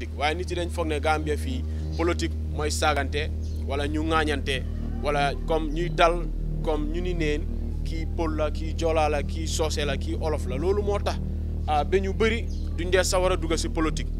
politique waaye nit yi dañ foog ne Gambia fii politique mooy saagante wala ñu ŋaañante wala comme ñuy dal comme ñu ni neen kii pël la ki joolaa la kii soose la kii olof la loolu moo tax ah, ba ñu bëri duñ dee sawar a dugg si politique